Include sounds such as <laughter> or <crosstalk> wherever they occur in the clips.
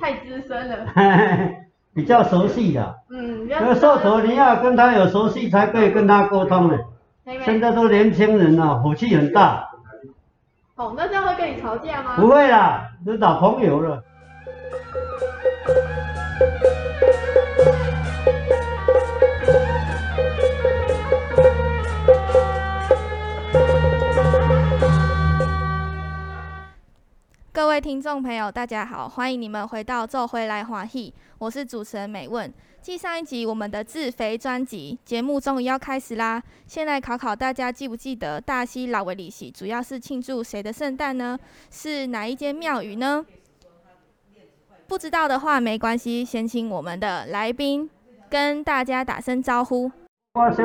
太資深了， <laughs> 比較熟悉了、啊。嗯，這個社頭你要跟他有熟悉才可以跟他溝通的、欸。現在都年輕人了、哦，火氣很大。哦，那這樣會跟你吵架嗎？不會啦，都找朋友了。聽眾朋友，大家好，歡迎你們回到《做回來華戲》，我是主持人美文。繼上一集我們的自肥專輯節目終於要開始啦！先來考考大家，記不記得大溪老維里西，主要是慶祝誰的聖誕呢？是哪一間廟宇呢？不知道的話沒關係，先請我們的來賓跟大家打聲招呼。我是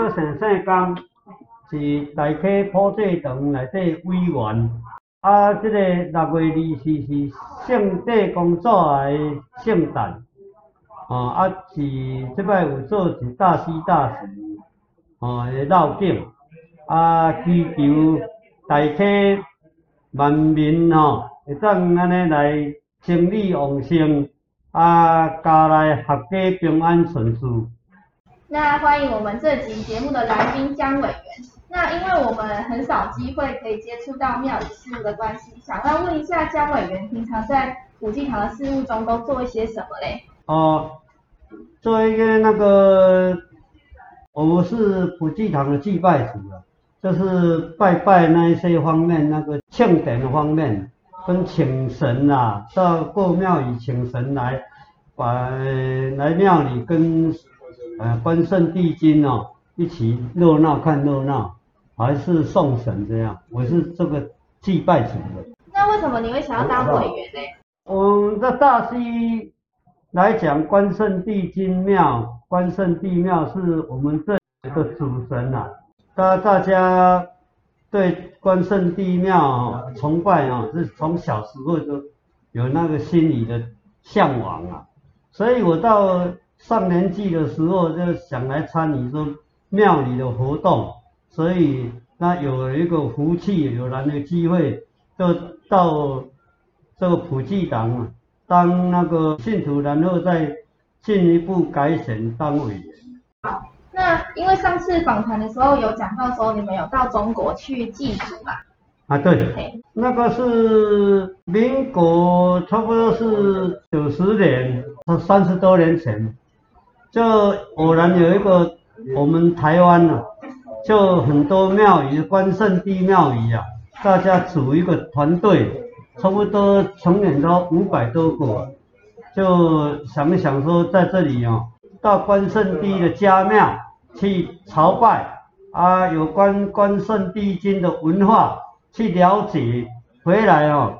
啊，即、這個六月二十四是聖帝公祖的，聖誕，吼、哦，啊是即擺有做是大喜大事，吼、哦，的繞境，啊祈求大千萬民吼、哦，會當安尼來生意旺盛，啊家來合家平安順遂。那歡迎我們這期節目的來賓江委員。那因為我們很少機會可以接觸到廟宇事務的關係，想要問一下江委員，平常在普濟堂的事務中都做一些什麼嘞？哦、呃，做、這、一個那個，我們是普濟堂的祭拜組的，就是拜拜那一些方面，那個慶典的方面，跟請神啊，到過廟宇請神來，把來廟裡跟呃關聖帝君哦，一起熱鬧看熱鬧，還是送神這樣，我是這個祭拜神的。那為什麼你會想要當委員呢？我們的大溪來講，關聖帝君廟，關聖帝廟是我們這裡的主神吶、啊。大大家對關聖帝廟崇拜啊，是從小時候就有那個心理的嚮往啊。所以我到上年紀的時候，就想來參與說廟裡的活動。所以，那有一個福氣，有難得機會，就到這個普濟堂嘛，當那個信徒，然後再進一步改選當委員。好，那因為上次訪談的時候有講到說你們有到中國去祭祖嘛？啊對，對，那個是民國差不多是九十年，是三十多年前，就偶然有一個我們台灣的、啊。就很多廟宇，關聖帝廟宇啊，大家組一個團隊，差不多成員都五百多個，就想一想說在這裡哦、啊，到關聖帝的家廟去朝拜啊，有關關聖帝君的文化去了解，回來哦、啊，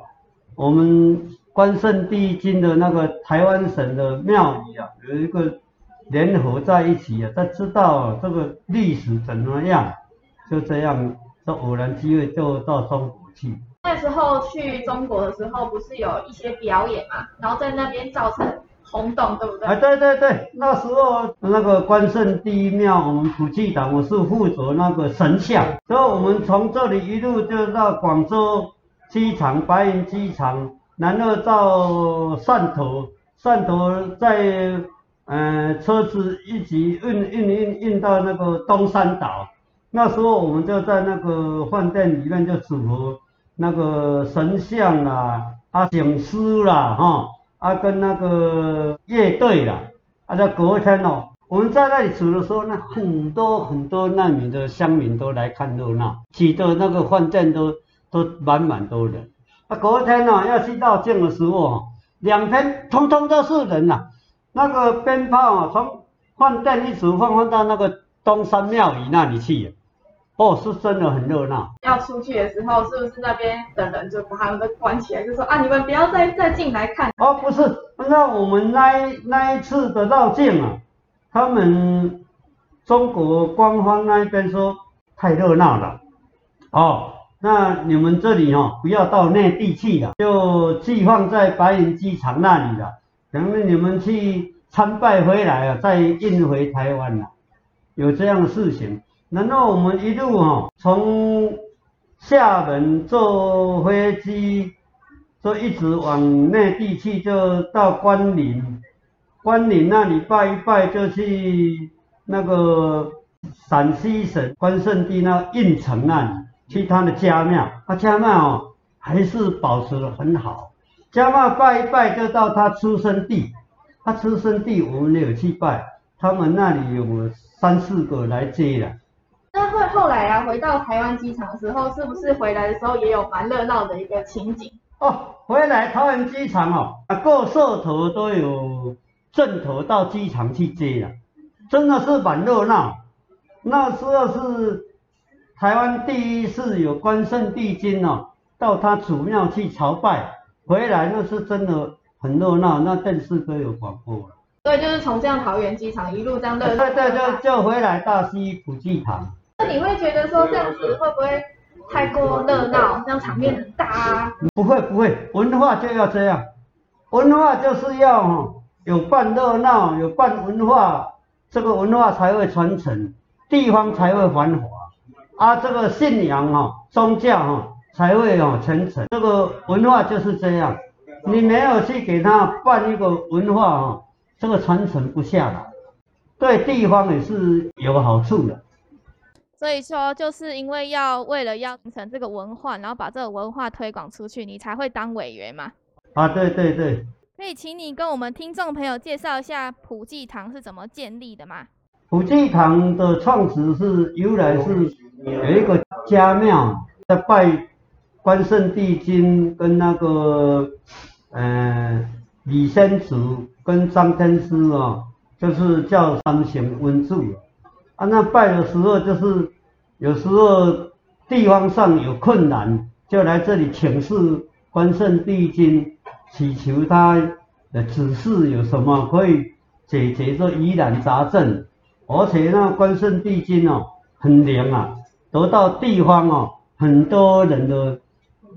我們關聖帝君的那個台灣省的廟宇啊，有一個。聯合在一起啊，他知道、啊、這個歷史怎麼樣，就這樣，就偶然機會就到中國去。那時候去中國的時候，不是有一些表演嘛，然後在那邊造成轟動，對不對？哎、對對對，那時候那個關聖第一廟，我們普濟堂，我是負責那個神像，所以我們從這裡一路就到廣州機場，白雲機場，然後到汕頭，汕頭在。嗯，車子一起運運運運到那個東山島。那時候我們就在那個飯店裡面就組合那個神像啦、啊，景師啦，哈，啊，跟那個樂隊啦。啊，在隔一天哦，我們在那裡組的時候呢，那很多很多難民的鄉民都來看熱鬧，起的那個飯店都都滿滿都人。啊，隔一天哦，要去遶境的時候哦，兩天通通都是人吶、啊。那個鞭炮啊，從飯店一直放放到那個東山廟宇那裡去，哦，是真的很熱鬧。要出去的時候，是不是那邊的人就把他們都關起來，就說啊，你們不要再再進來看？哦，不是，那、啊、我們那一那一次的繞境啊，他們中國官方那邊說太熱鬧了，哦，那你們這裡哦不要到內地去了，就寄放在白雲機場那裡了。等你們去參拜回來啊，再運回台灣吶、啊，有這樣的事情。然後我們一路哈、哦，從廈門坐飛機，就一直往內地去，就到關嶺，關嶺那裡拜一拜，就去那個陝西省關聖帝那運城啊，去他的家廟，他、啊、家廟哦，還是保持得很好。加媽拜一拜，就到他出生地。他出生地，我們也有去拜。他們那裡有三四個來接了。那後後來啊，回到台灣機場的時候，是不是回來的時候也有蠻熱鬧的一個情景？哦，回來台灣機場哦，各社頭都有陣頭到機場去接了，真的是蠻熱鬧。那時候是台灣第一次有關聖帝君哦，到他祖廟去朝拜。回來那是真的很熱鬧，那電視都有廣播了。所以就是從這樣桃園機場一路這樣的。對對對，就，就回來大溪普濟堂。那你會覺得說這樣子會不會太過熱鬧，這樣場面很大啊？不會不會，文化就要這樣，文化就是要有半熱鬧，有半文化，這個文化才會傳承，地方才會繁華。啊，這個信仰哈，宗教哈。才會有傳承，這個文化就是這樣。你沒有去給他辦一個文化哦，這個傳承不下來，對地方也是有好處的。所以說，就是因為要為了要形成這個文化，然後把這個文化推廣出去，你才會當委員嘛。啊，對對對。可以請你跟我們聽眾朋友介紹一下普濟堂是怎麼建立的嗎？普濟堂的創始是由來是有一個家廟在拜。關聖帝君跟那個，嗯、呃，李先祖跟張天師哦，就是叫三賢溫助，啊，那拜的時候就是，有時候地方上有困難，就來這裡請示關聖帝君，祈求他的指示有什麼可以解決這疑難雜症，而且那關聖帝君哦很靈啊，得到地方哦很多人都。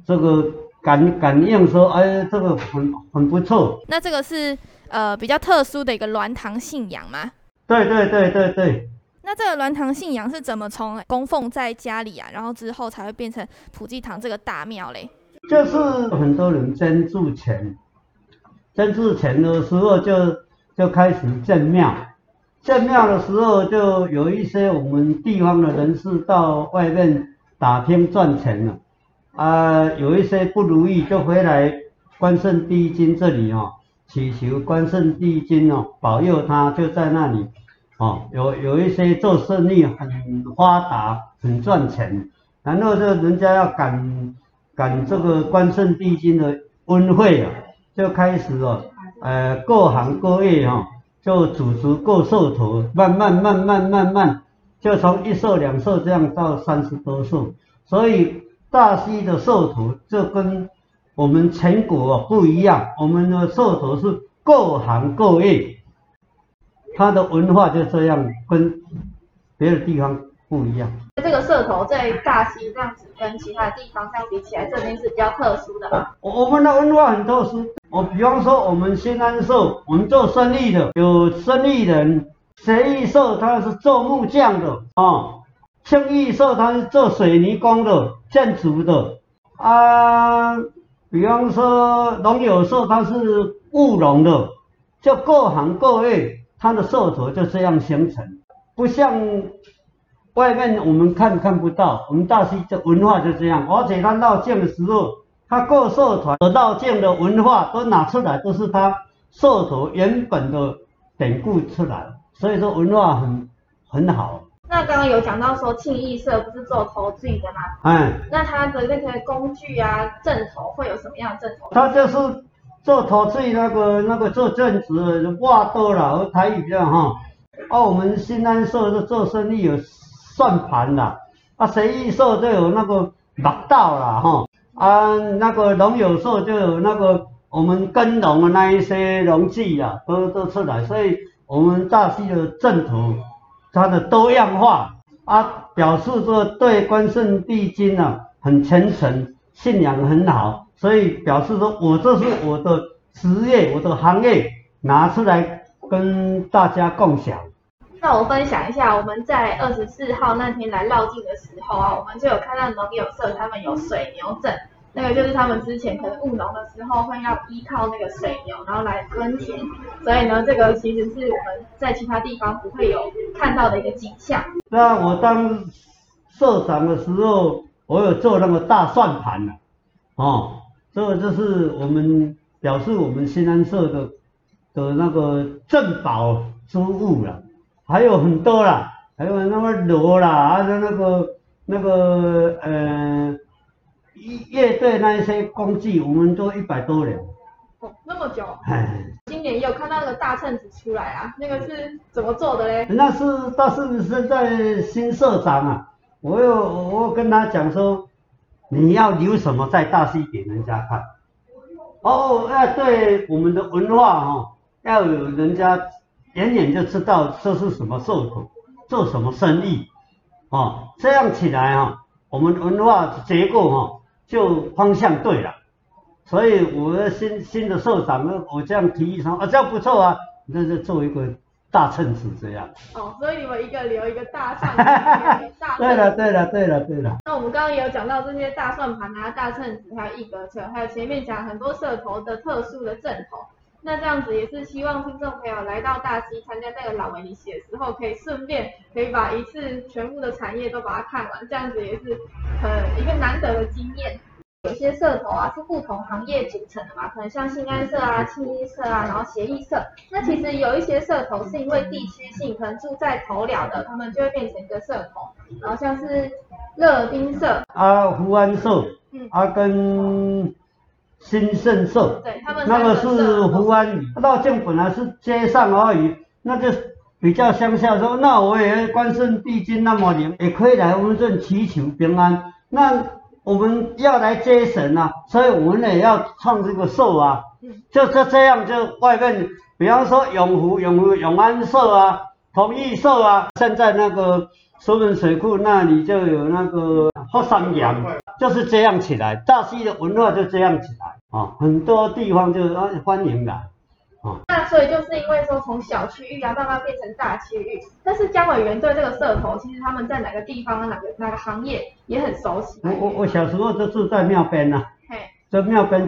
這個感感應說，哎，這個很很不錯。那這個是呃比較特殊的一個鸞堂信仰嗎？對對對對對。那這個鸞堂信仰是怎麼從供奉在家裡啊，然後之後才會變成普濟堂這個大廟嘞？就是很多人捐助錢，捐助錢的時候就就開始建廟，建廟的時候就有一些我們地方的人士到外面打拼賺錢了。啊、呃，有一些不如意就回來關聖帝君這裡哦，祈求關聖帝君哦保佑他就在那裡哦。有有一些做生意很發達、很賺錢，然後就人家要感，感這個關聖帝君的恩惠啊，就開始哦，呃，各行各業哈、哦、就組織各社頭，慢慢慢慢慢慢，就從一社兩社這樣到三十多社，所以。大溪的社頭，就跟我們全國不一樣，我們的社頭是各行各業，他的文化就這樣，跟別的地方不一樣。這個社頭在大溪這樣子，跟其他地方相比起來，這邊是比較特殊的。我、嗯、我們的文化很特殊，我比方說，我們興安社，我們做生意的有生意人，興義社他是做木匠的啊。嗯慶玉社他是做水泥工的，建築的啊，比方說龍友社他是務農的，就各行各業，他的社頭就這樣形成，不像外面，我們看看不到，我們大溪這文化就這樣，而且他遶境的時候，他各社團的遶境的文化都拿出來，都是他社頭原本的典故出來，所以說文化很很好。那剛剛有講到說慶義社不是做投資的嗎？哎、嗯，那他的那些工具啊，陣頭會有什麼樣的陣頭？他就是做投資那個那個做淨值，話多了，台語的哈。哦、啊，我們興安社就做生意有算盤的，啊，誰意社就有那個麥道了哈。啊，那個龍友社就有那個我們耕農的那一些農具了，都都出來，所以我們大溪的陣頭，它的多樣化啊，表示說對關聖帝君啊，很虔誠，信仰很好，所以表示說我這是我的職業，我的行業拿出來跟大家共享。那我分享一下，我們在二十四號那天來繞境的時候啊，我們就有看到農友社他們有水牛陣。那個就是他們之前可能務農的時候會要依靠那個水牛，然後來耕田，所以呢，這個其實是我們在其他地方不會有看到的一個景象。那我當社長的時候，我有做那個大算盤啊。哦，這個就是我們表示我們興安社的的那個鎮寶之物了，還有很多啦，還有那個螺啦，還、啊、有那個那個嗯。呃樂隊那一些工具，我們都一百多人。哦，那麼久。今年又看到那個大秤子出來啊，那個是怎麼做的嘞？那是，他是現在新社長啊。我又我又跟他講說，你要留什麼在大溪給人家看？哦，那、啊、對，我們的文化哦，要有人家遠遠就知道這是什麼做做什麼生意哦，這樣起來哦，我們文化結構哦。就方向對了，所以我的新新的社長呢，我這樣提議說啊，這樣不錯啊，那就做一個大秤子，這樣。哦，所以你們一個留一個大算盤，哈哈，對了，對了，對了，對了。那我們剛剛也有講到這些大算盤啊、大秤子、還有一格秤，還有前面講很多社頭的特殊的陣頭。那這樣子也是希望聽眾朋友來到大溪參加那個老維尼奇的時候，可以順便可以把一次全部的產業都把它看完，這樣子也是很一個難得的經驗。有一些社頭啊是不同行業組成的嘛，可能像興安社啊、慶安社啊，然後協義社。那其實有一些社頭是因為地區性，可能住在頭寮的，他們就會變成一個社頭。然後像是樂豳社、阿、啊、福安社、阿、嗯、根。啊新勝社，對他們，社啊、那個是福安。那、嗯、鄭本來是街上而已，那就比較鄉下說，那我也關聖帝君那麼靈，也可以來我們這祈求平安。那我們要來接神吶、啊，所以我們也要唱這個壽啊，就是這樣。就外面，比方說永福、永福永安社啊，同義社啊，現在那個蘇嶺水庫那裡就有那個霍山娘。就是這樣起來，大溪的文化就這樣起來啊、哦，很多地方就是歡迎的啊、哦。那所以就是因為說，從小區域啊，慢慢變成大區域。但是江委員對這個社頭，其實他們在哪個地方、哪個哪個行業也很熟悉。欸、我我我小時候就住在廟邊吶，嘿，這廟邊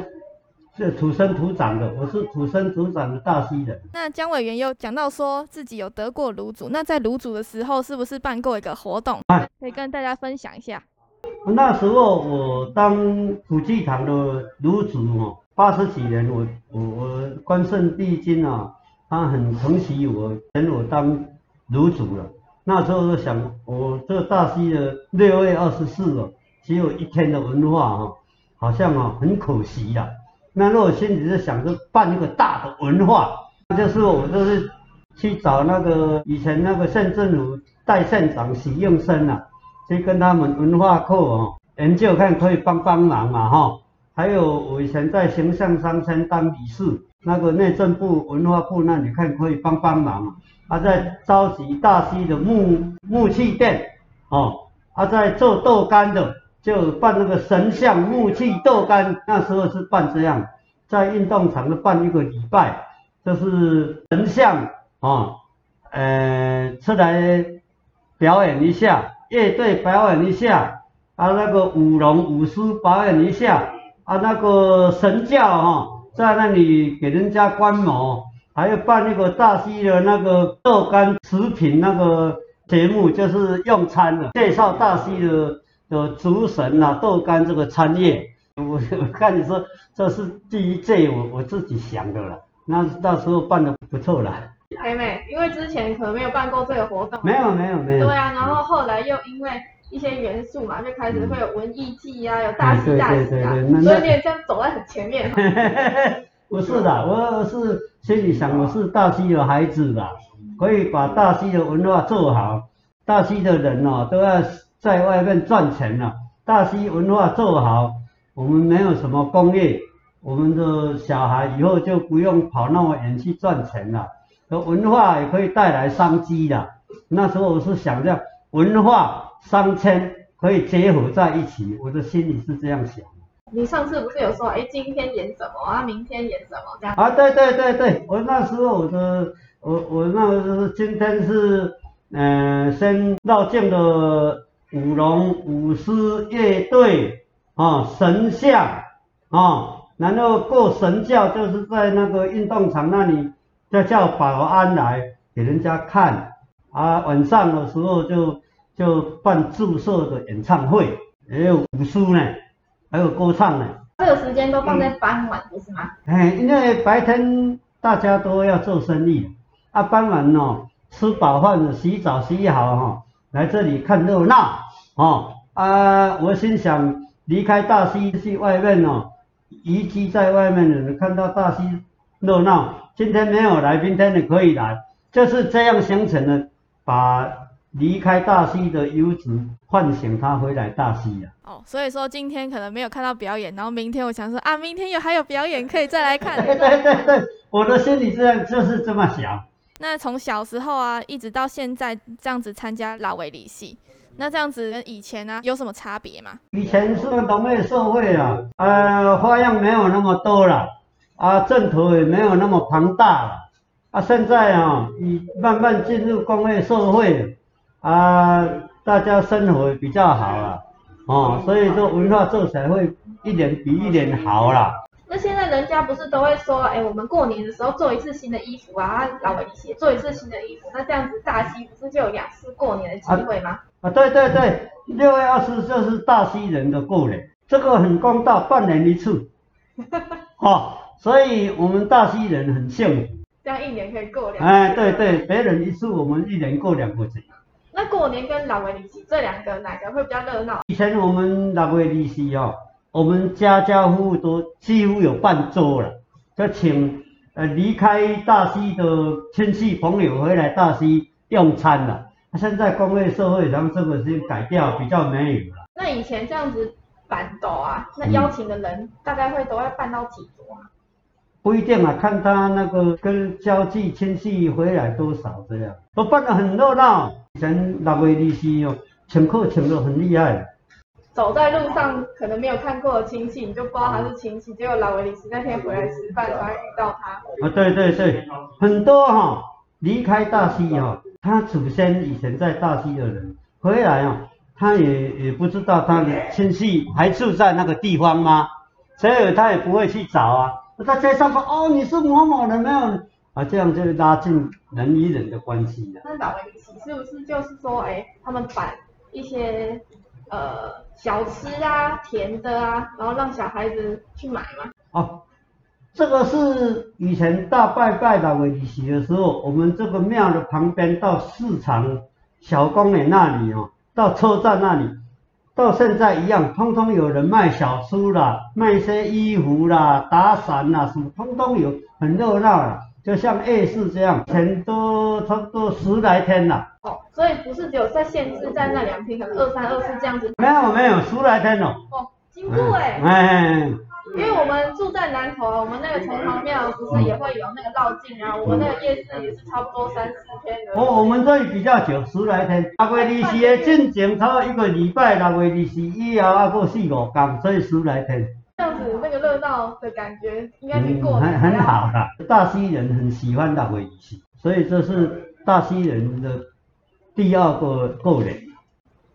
是土生土長的，我是土生土長的大溪人。那江委員又講到說自己有得過爐主，那在爐主的時候是不是辦過一個活動，可以跟大家分享一下？那時候我當普濟堂的爐主哦，八十幾年我我我關聖帝君啊，他很疼惜我，選我當爐主了。那時候就想，我這大溪的六月二十四了，只有一天的文化哈、哦，好像啊很可惜呀、啊。那時候我心裡就想着辦一個大的文化，就是我就是去找那個以前那個縣政府代縣長許應生啊。去跟他們文化課哦，研究看可以幫幫忙，忙嘛哈。還有我以前在興安社當理事，那個內政部文化部那裡看可以幫幫忙、啊。他、啊、在召集大溪的木木器店哦，他在做豆干的，就辦那個神像木器豆干，那時候是辦這樣，在運動場的辦一個禮拜，就是神像哦、啊，呃出來表演一下。樂隊表演一下，啊那個舞龍舞獅表演一下，啊那個神教哈、哦，在那裡給人家觀摩，還有辦那個大溪的那個豆乾食品那個節目，就是用餐的，介紹大溪的的竹筍吶、啊、豆乾這個產業。我我看你說這是第一屆，我我自己想的了，那到時候辦的不錯了。還沒，因為之前可能沒有辦過這個活動。沒有，沒有，沒有。對啊，然後後來又因為一些元素嘛，就開始會有文藝祭啊，有大溪大溪、啊嗯。對對對，所以你也這樣走在很前面。 <laughs> 不是的，我是心裡想，我是大溪有孩子的，可以把大溪的文化做好。大溪的人哦，都要在外面賺錢了。大溪文化做好，我們沒有什麼工業，我們的小孩以後就不用跑那麼遠去賺錢了。和文化也可以帶來商機的。那時候我是想着文化、商圈可以結合在一起，我的心裡是這樣想的。你上次不是有說，哎、欸，今天演什麼啊？明天演什麼這樣？啊，對對對對，我那時候我的我我那個就是今天是，嗯、呃，先繞境的舞龍舞獅樂隊啊，神像啊、哦，然後過神轎，就是在那個運動場那裡。再叫保安來給人家看，啊，晚上的時候就就辦祝壽的演唱會，也有舞獅呢，還有歌唱呢。所有時間都放在傍晚，不、嗯、是嗎？因為白天大家都要做生意，啊，傍晚哦，吃飽飯了，洗澡洗好哈，來這裡看熱鬧，哦，啊，我心想離開大溪去外面哦，移居在外面的人看到大溪熱鬧，今天沒有來明天你可以來，就是這樣形成的。把離開大溪的游子喚醒，他回來大溪啊。哦，所以說今天可能沒有看到表演，然後明天我想說啊，明天有還有表演可以再來看。對對對,對，我的心裡是就是這麼想。那從小時候啊，一直到現在這樣子參加老圍裡戲，那這樣子跟以前呢、啊、有什麼差別嗎？以前是農業社會啊，呃，花樣沒有那麼多了。啊，陣頭也沒有那麼龐大了。啊，現在啊、喔，已慢慢進入工業社會，啊，大家生活也比較好了。哦、喔，所以說文化做起來會一點比一點好了。那現在人家不是都會說，哎、欸，我們過年的時候做一次新的衣服啊，老一些做一次新的衣服，那這樣子大溪不是就有兩次過年的機會嗎啊？啊，對對對，六月二十四就是大溪人的過年，這個很公道，半年一次。哈、啊、哈，好。所以，我們大溪人很幸福，這樣一年可以過兩。啊、哎，對對，別人一次，我們一年過兩個節。那過年跟六月廿四這兩個，哪個會比較熱鬧？以前我們六月廿四哦，我們家家戶戶都幾乎有辦桌了，就請呃離開大溪的親戚朋友回來大溪用餐了。現在工業社會，咱們這個事情改掉，比較沒有了。那以前這樣子辦到啊？那邀請的人大概會都要辦到幾桌啊？嗯不一定啊，看他那個跟交際親戚回來多少這樣、啊、都辦得很熱鬧。以前六月二十四哦，請客請得很厲害。走在路上可能沒有看過的親戚，你就不知道他是親戚。結果六月二十四那天回來吃飯，才遇到他。啊、哦，對對對，很多哈、哦，離開大溪哈、哦，他祖先以前在大溪的人回來啊、哦，他也也不知道他的親戚還住在那個地方嗎？所以他也不會去找啊。在街上說哦，你是某某人沒有？啊，這樣就拉近人與人的關係了。那老尾戲是不是就是說，哎，他們擺一些呃小吃啊、甜的啊，然後讓小孩子去買嗎？哦，這個是以前大拜拜老尾戲的時候，我們這個廟的旁邊到市場小公園那裡哦，到車站那裡。到現在一樣，通通有人賣小吃啦，賣一些衣服啦、打傘啦，什麼通通有，很熱鬧啊。就像二四這樣，成都差不多十來天了。哦，所以不是只有在限制在那兩天，可能二三二四這樣子。沒有沒有，十來天哦。哦，真久哎哎。哎哎因為我們住在南頭，我們那個城隍廟不是也會有那個繞境啊，我們那個夜市也是差不多三四天的、嗯。我我們這裡比較久，十來天。六月二十四的進境，差不多一個禮拜。六月二十四以後過夠四五天所以十來天。這樣子那個熱鬧的感覺應該是過，的、嗯。很很好的。大溪人很喜歡六月二十四所以這是大溪人的第二個過年。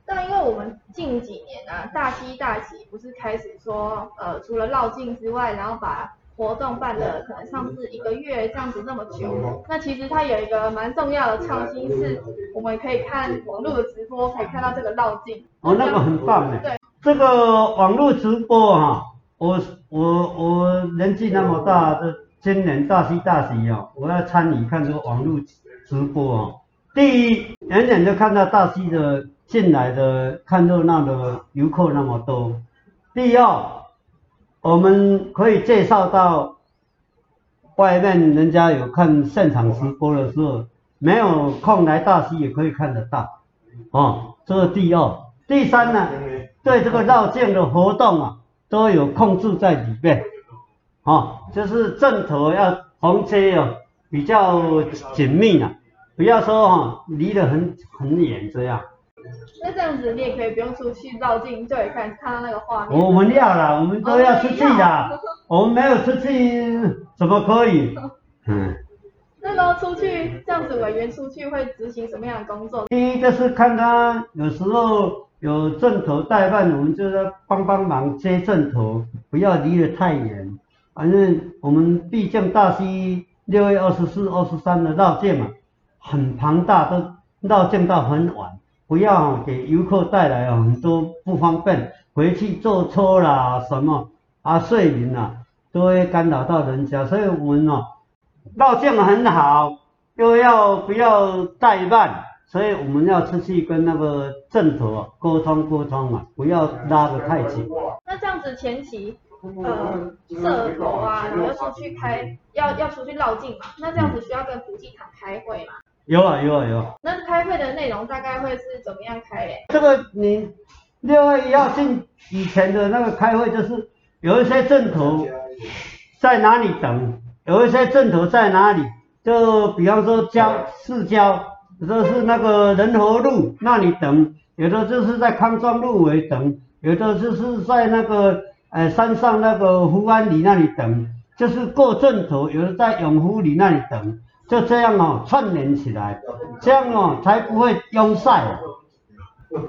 但因為我們。近幾年啊，大溪大溪不是開始說，呃，除了繞境之外，然後把活動辦了，可能上次一個月這樣子那麼久。嗯嗯嗯、那其實它有一個蠻重要的創新，是我們可以看網絡的直播，可以看到這個繞境。哦，那個很棒誒。對，這個網絡直播哈、啊，我我我年紀那麼大，這、嗯、今年大溪大溪哦、啊，我要參與看這個網絡直播哦、啊。第一，遠遠就看到大溪的。進來的看熱鬧的游客那麼多，第二，我們可以介紹到外面，人家有看現場直播的時候，沒有空來大溪也可以看得到，哦，這是、個、第二。第三呢，對這個繞境的活動啊，都有控制在裡面，哦，就是陣頭要銜接要比較緊密啊，不要說哈、啊、離得很很遠這樣。那這樣子你也可以不用出去繞境，就可以看、看到那個畫面是是。我們要啦，我們都要出去了，okay. 我們沒有出去怎麼可以？ <laughs> 嗯。那都出去這樣子，委員出去會執行什麼樣的工作？第一就是看他有時候有陣頭代辦，我們就是幫幫忙接陣頭，不要離得太遠。反正我們畢竟大溪六月二十四、二十三的繞境嘛，很龐大，都繞境到很晚。不要、哦、給遊客帶來、哦、很多不方便，回去坐車啦什麼啊睡眠啊都會干擾到人家，所以我們哦繞境很好，又要不要怠慢，所以我們要出去跟那個政府溝通溝通嘛，不要拉得太緊。那這樣子前期呃社頭啊，你要，要出去開要要出去繞境嘛，那這樣子需要跟普濟堂開會嘛？有啊有啊有啊！那開會的內容大概會是怎麼樣開嘞？這個你六月一號進以前的那個開會，就是有一些鎮頭在哪裡等，有一些鎮頭在哪裡，就比方說郊市郊，有的是那個人和路那裡等，有的就是在康莊路尾等，有的就是在那個呃、欸、山上那個福安里那裡等，就是過鎮頭，有的在永福里那裡等。就這樣哦、喔，串聯起來，這樣哦、喔、才不會擁塞、啊。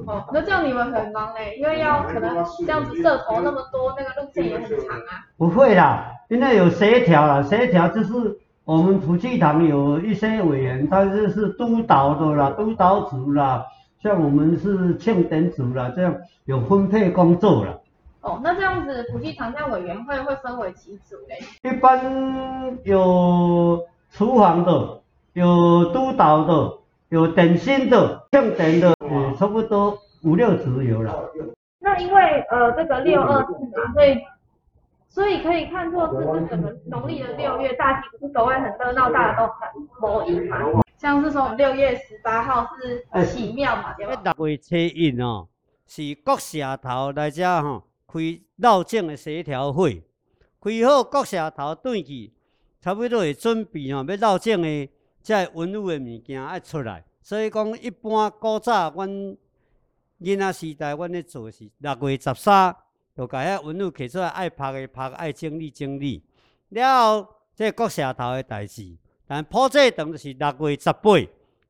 哦，那這樣你們很忙嘞、欸，因為要可能這樣子社團那麼多，那個路線也很長啊。不會啦，因為有協調了，協調就是我們普濟堂有一些委員，他就是督導的啦，督導組啦，像我們是慶典組啦，這樣有分配工作啦。哦，那這樣子普濟堂在委員會會分為幾組嘞？一般有。廚房的有督導的，有電信的、供電的，也差不多五六支有了。那因為呃，這個六二四嘛，所以所以可以看作是這個農曆的六月，大溪是格外很熱鬧，大家都很歡迎。像是從六月十八號是許廟嘛，欸、對不對？一大會哦，是各社頭來遮吼、哦、開繞境的協調會，開好各社頭轉去。差不多會準備吼、哦，要遶境誒，即個文物誒物件愛出來，所以講一般古早阮囡仔時代我，阮咧做是六月十三，著甲遐文物摕出來愛曝誒曝，愛整理整理了後，即、這個國社頭誒代誌。但普濟堂著是六月十八，著、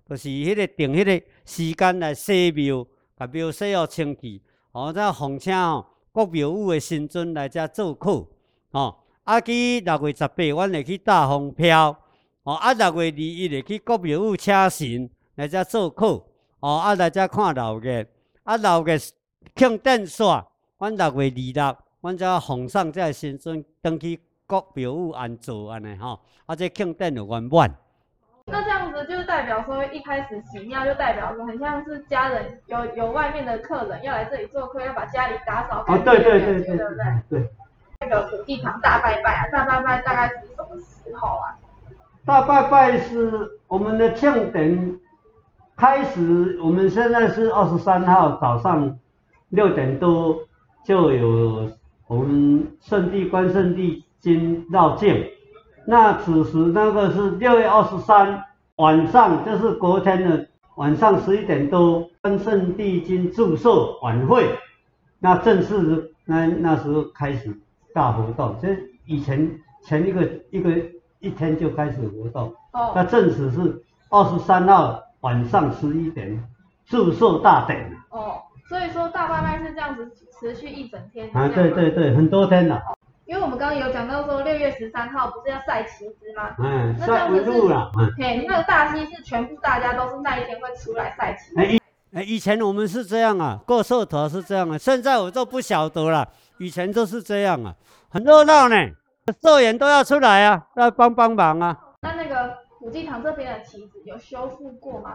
就是迄個定迄個時間來洗廟，甲廟洗好清洗哦清氣，吼、這個哦，再奉請吼國廟宇誒神尊來遮做客，吼、哦。啊，去六月十八，阮會去大風飄哦。啊，六月二十一，會去國廟宇車神，來遮做客哦。啊，來遮看老爺。啊，老爺慶典煞，阮六月二六，阮遮奉上這神尊，轉去國廟宇安座安尼吼。啊，遮慶典圓滿。那這樣子就代表說，一開始寺廟就代表說，很像是家人有有外面的客人要來這裡做客，要把家裡打掃乾淨，啊、對對對對,對不對？對。那個土地堂大拜拜啊，大拜拜大概是什麼時候啊？大拜拜是我們的慶典開始，我們現在是二十三號早上六點多就有我們聖地關聖帝君繞境，那此時那個是六月二十三晚上，就是昨天的晚上十一點多關聖帝君祝壽晚會，那正式那那時候開始。大活動，就以，以前前一個一個一天就開始活動。哦。那正式是二十三號晚上十一點，祝壽大典。哦，所以說大拜拜是這樣子持續一整天。啊，對對對，很多天了。因為我們剛剛有講到說六月十三號不是要曬旗子嗎？嗯。不住了。嘿，那個大溪是全部大家都是那一天會出來晒旗。哎、欸，以前我們是這樣啊，過壽頭是這樣的、啊，現在我就不曉得了。以前就是這樣啊，很熱鬧呢。社員都要出來啊，要幫幫忙啊。那那個普濟堂這邊的旗子有修復過嗎？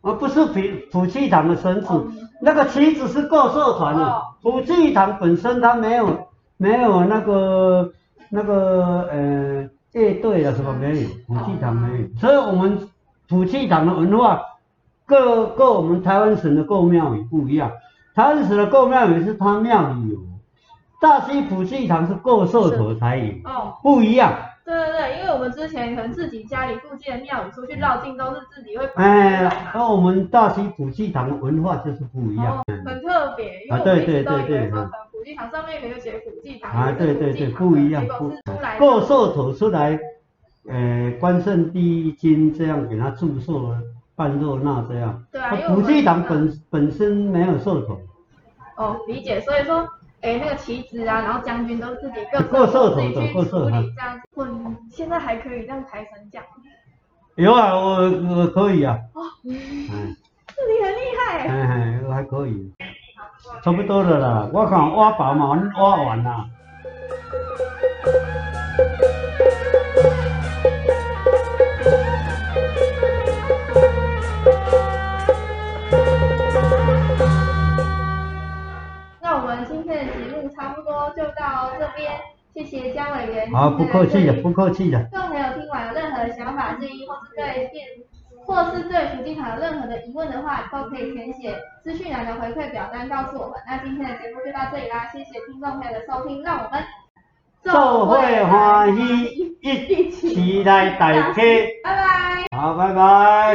啊，不是普普濟堂的繩子、哦嗯，那個旗子是過社團的。哦、普濟堂本身它沒有沒有那個那個呃樂隊啊什麼沒有，普濟堂沒有、哦。所以我們普濟堂的文化各各我們台灣省的各廟宇不一樣，台灣省的各廟宇是它廟裡有。大西普濟堂是過壽土才，哦，不一樣。對對對，因為我們之前可能自己家裡附近的廟宇出去繞境都是自己會、啊欸。哎、啊，那我們大溪普濟堂文化就是不一樣、哦。很特別，因為我們都知道一個說法，普濟堂上面沒有寫普濟堂。啊，對對對，對，對，對、啊對，對，對，對，不一樣，過壽土出來，呃，關聖帝君這樣給他祝壽，辦若那這樣。對啊，普濟、啊、濟堂本本身沒有壽土。哦，理解，所以說。哎、欸，那個旗子啊，然後將軍都是幾各自，自己去處理這樣子，啊嗯。現在還可以這樣抬神將。有啊我，我可以啊。嗯、哦。嗯。你很厲害。嗯、哎、還可以。差不多的了，嗯。我看挖寶嘛，你挖完啦。嗯謝謝江委員。好，不客氣的，不客氣的。聽眾朋友聽完有任何想法建議，或是對電或是對福建台有任何的疑問的話，都可以填寫資訊欄的回饋表單告訴我們。那今天的節目就到這裡啦，謝謝聽眾朋友的收聽，讓我們就賀歡喜，一起來期待。拜拜，好，拜拜。